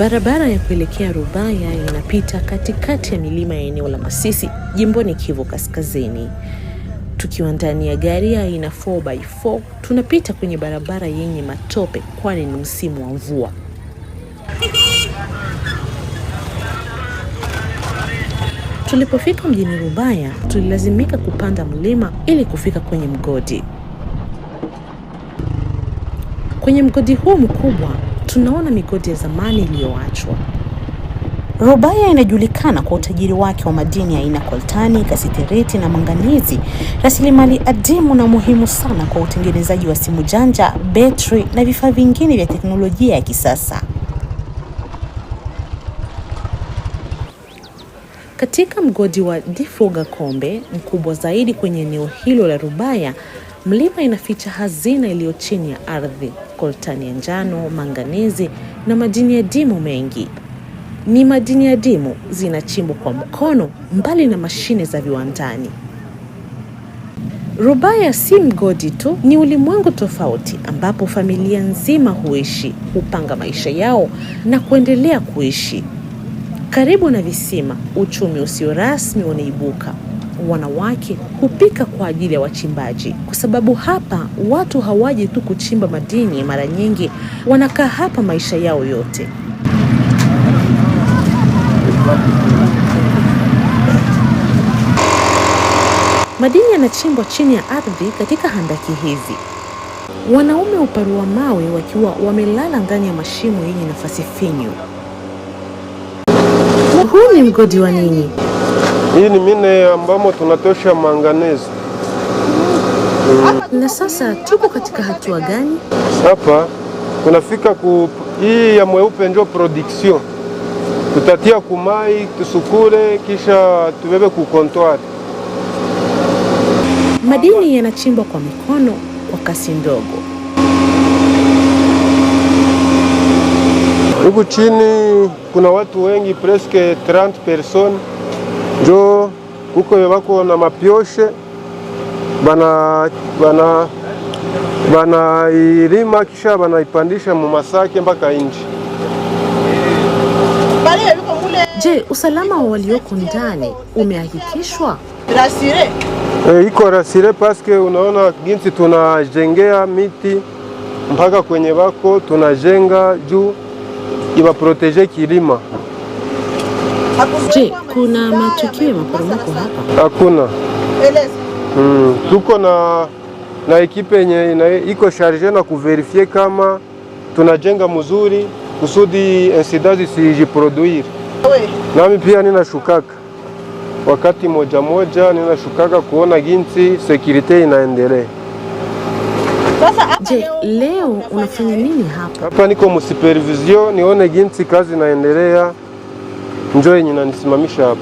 Barabara ya kuelekea Rubaya inapita katikati ya milima ya eneo la Masisi, jimboni Kivu Kaskazini. Tukiwa ndani ya gari aina 4x4 tunapita kwenye barabara yenye matope, kwani ni msimu wa mvua. Tulipofika mjini Rubaya, tulilazimika kupanda mlima ili kufika kwenye mgodi. Kwenye mgodi huu mkubwa tunaona migodi ya zamani iliyoachwa. Rubaya inajulikana kwa utajiri wake wa madini ya aina koltani, kasiteriti na manganizi, rasilimali adimu na muhimu sana kwa utengenezaji wa simu janja, betri na vifaa vingine vya teknolojia ya kisasa. Katika mgodi wa difoga Kombe, mkubwa zaidi kwenye eneo hilo la Rubaya, Mlima inaficha hazina iliyo chini ya ardhi, koltani ya njano, manganizi na madini ya dimu mengi. Ni madini ya dimu zinachimbwa kwa mkono, mbali na mashine za viwandani. Rubaya si mgodi tu, ni ulimwengu tofauti ambapo familia nzima huishi, hupanga maisha yao na kuendelea kuishi. Karibu na visima, uchumi usio rasmi unaibuka wanawake hupika kwa ajili ya wachimbaji, kwa sababu hapa watu hawaji tu kuchimba madini. Mara nyingi wanakaa hapa maisha yao yote. Madini yanachimbwa chini ya ardhi katika handaki hizi. Wanaume uparua mawe wakiwa wamelala ndani ya mashimo yenye nafasi finyu. Huu ni mgodi wa nini? Hii ni mine ambamo tunatosha manganezi. Mm. Na sasa tuko katika hatua gani? Hapa tunafika ku hii ya mweupe ndio production. Tutatia kumai, tusukule kisha tubebe ku kontoari. Madini yanachimbwa kwa mikono kwa kasi ndogo. Huku chini kuna watu wengi preske 30 persone njo kuko wako na mapioshe bana bana banairima kisha banaipandisha mu masake mpaka inji. Je, usalama wa walioko ndani umehakikishwa? Rasire e, iko rasire paske unaona ginsi tunajengea miti mpaka kwenye wako tunajenga juu ibaproteje kilima. Je, kuna matukio ya maporomoko hapa? Hakuna. Mm, tuko na na ekipe yenye iko sharge na kuverifie kama tunajenga mzuri kusudi insida zisijiproduire. Nami pia ninashukaka wakati moja moja, ninashukaka kuona ginsi sekirite inaendelea. Je, leo unafanya nini hapa? Hapa niko msupervisio nione jinsi kazi inaendelea. Njoo yenye nanisimamisha hapa.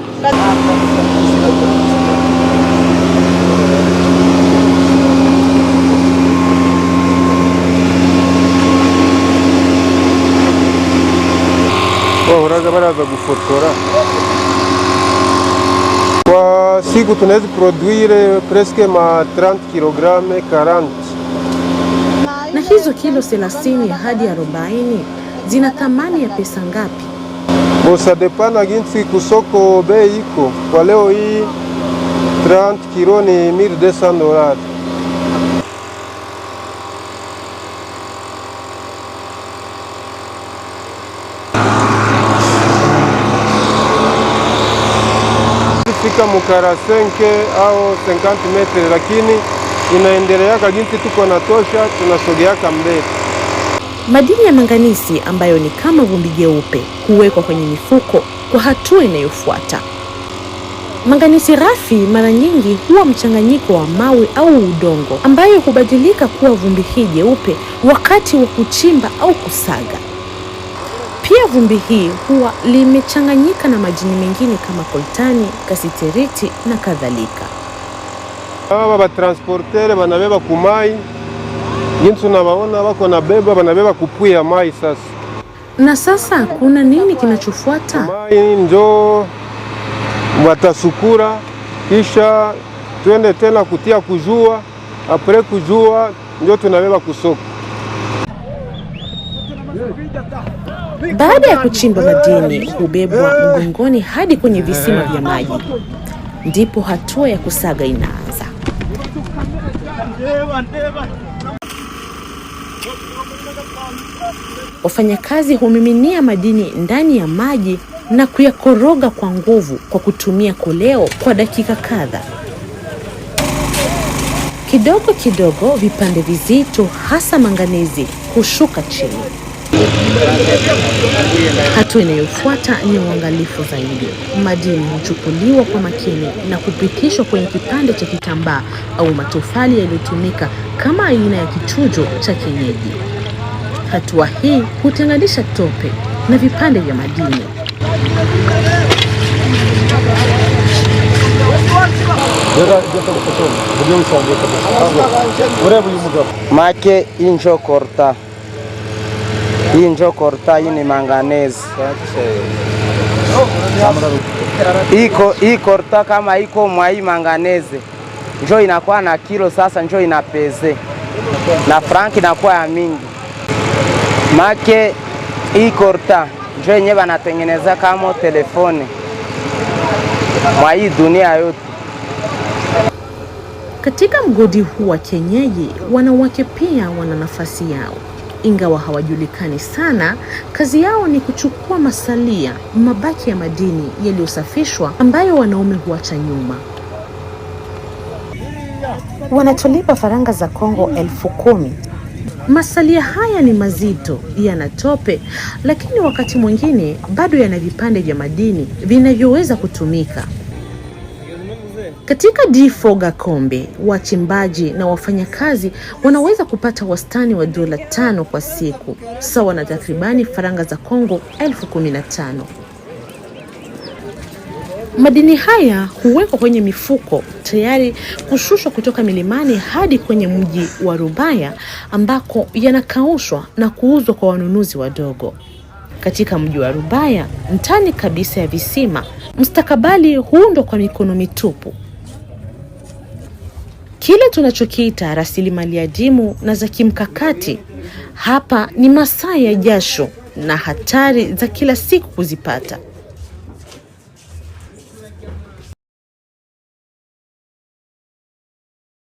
Wahuraza oh, baraza gufotora kwa siku tunaweza produire presque ma 30 kilograme 40 hizo kilo 30 hadi 40 zina thamani ya pesa ngapi? Bosa depana ginsi kusoko bei iko kwa leo hii 30 kilo ni 1200 dola. Fika mukara senke au 50 metri lakini inaendeleaka jinsi tuko na tosha, tunasogeaka mbele. Madini ya manganisi ambayo ni kama vumbi jeupe huwekwa kwenye mifuko kwa hatua inayofuata. Manganisi rafi mara nyingi huwa mchanganyiko wa mawe au udongo ambayo hubadilika kuwa vumbi hii jeupe wakati wa kuchimba au kusaga. Pia vumbi hii huwa limechanganyika na majini mengine kama koltani, kasiteriti na kadhalika. Aba batransportere banabeba ku mai jinsi unabawona, bako na beba banabeba kupwi mai sasa. Na sasa kuna nini kinachofuata? Mai njo watasukura, kisha twende tena kutia kujua, apre kujua njo tunabeba kusoko. Baada ya kuchimba madini hubebwa mgongoni hadi kwenye visima vya maji, ndipo hatua ya kusaga inaanza. Wafanyakazi humiminia madini ndani ya maji na kuyakoroga kwa nguvu kwa kutumia koleo kwa dakika kadha. Kidogo kidogo, vipande vizito hasa manganizi hushuka chini. Hatua inayofuata ni uangalifu zaidi. Madini huchukuliwa kwa makini na kupitishwa kwenye kipande cha kitambaa au matofali yaliyotumika kama aina ya kichujo cha kienyeji. Hatua hii hutenganisha tope na vipande vya madini. make injo korta hii njo korta, hii ni manganezi. Hii korta kama iko mwa hii manganezi njo inakuwa na kilo sasa, njo inapeze na frank inakuwa ya mingi make hii korta njo yenye wanatengeneza kama telefone mwa hii dunia yote. Katika mgodi huu wa kienyeji wanawake pia wana nafasi yao. Ingawa hawajulikani sana, kazi yao ni kuchukua masalia, mabaki ya madini yaliyosafishwa ambayo wanaume huacha nyuma. Wanatolipa faranga za Kongo elfu kumi. Masalia haya ni mazito, yana tope, lakini wakati mwingine bado yana vipande vya madini vinavyoweza kutumika. Katika Defroga Kombe, wachimbaji na wafanyakazi wanaweza kupata wastani wa dola tano kwa siku, sawa na takribani faranga za Kongo elfu kumi na tano. Madini haya huwekwa kwenye mifuko tayari kushushwa kutoka milimani hadi kwenye mji wa Rubaya ambako yanakaushwa na kuuzwa kwa wanunuzi wadogo. Katika mji wa Rubaya, ndani kabisa ya visima, mustakabali huundwa kwa mikono mitupu kile tunachokiita rasilimali adimu na za kimkakati. Hapa ni masaa ya jasho na hatari za kila siku kuzipata.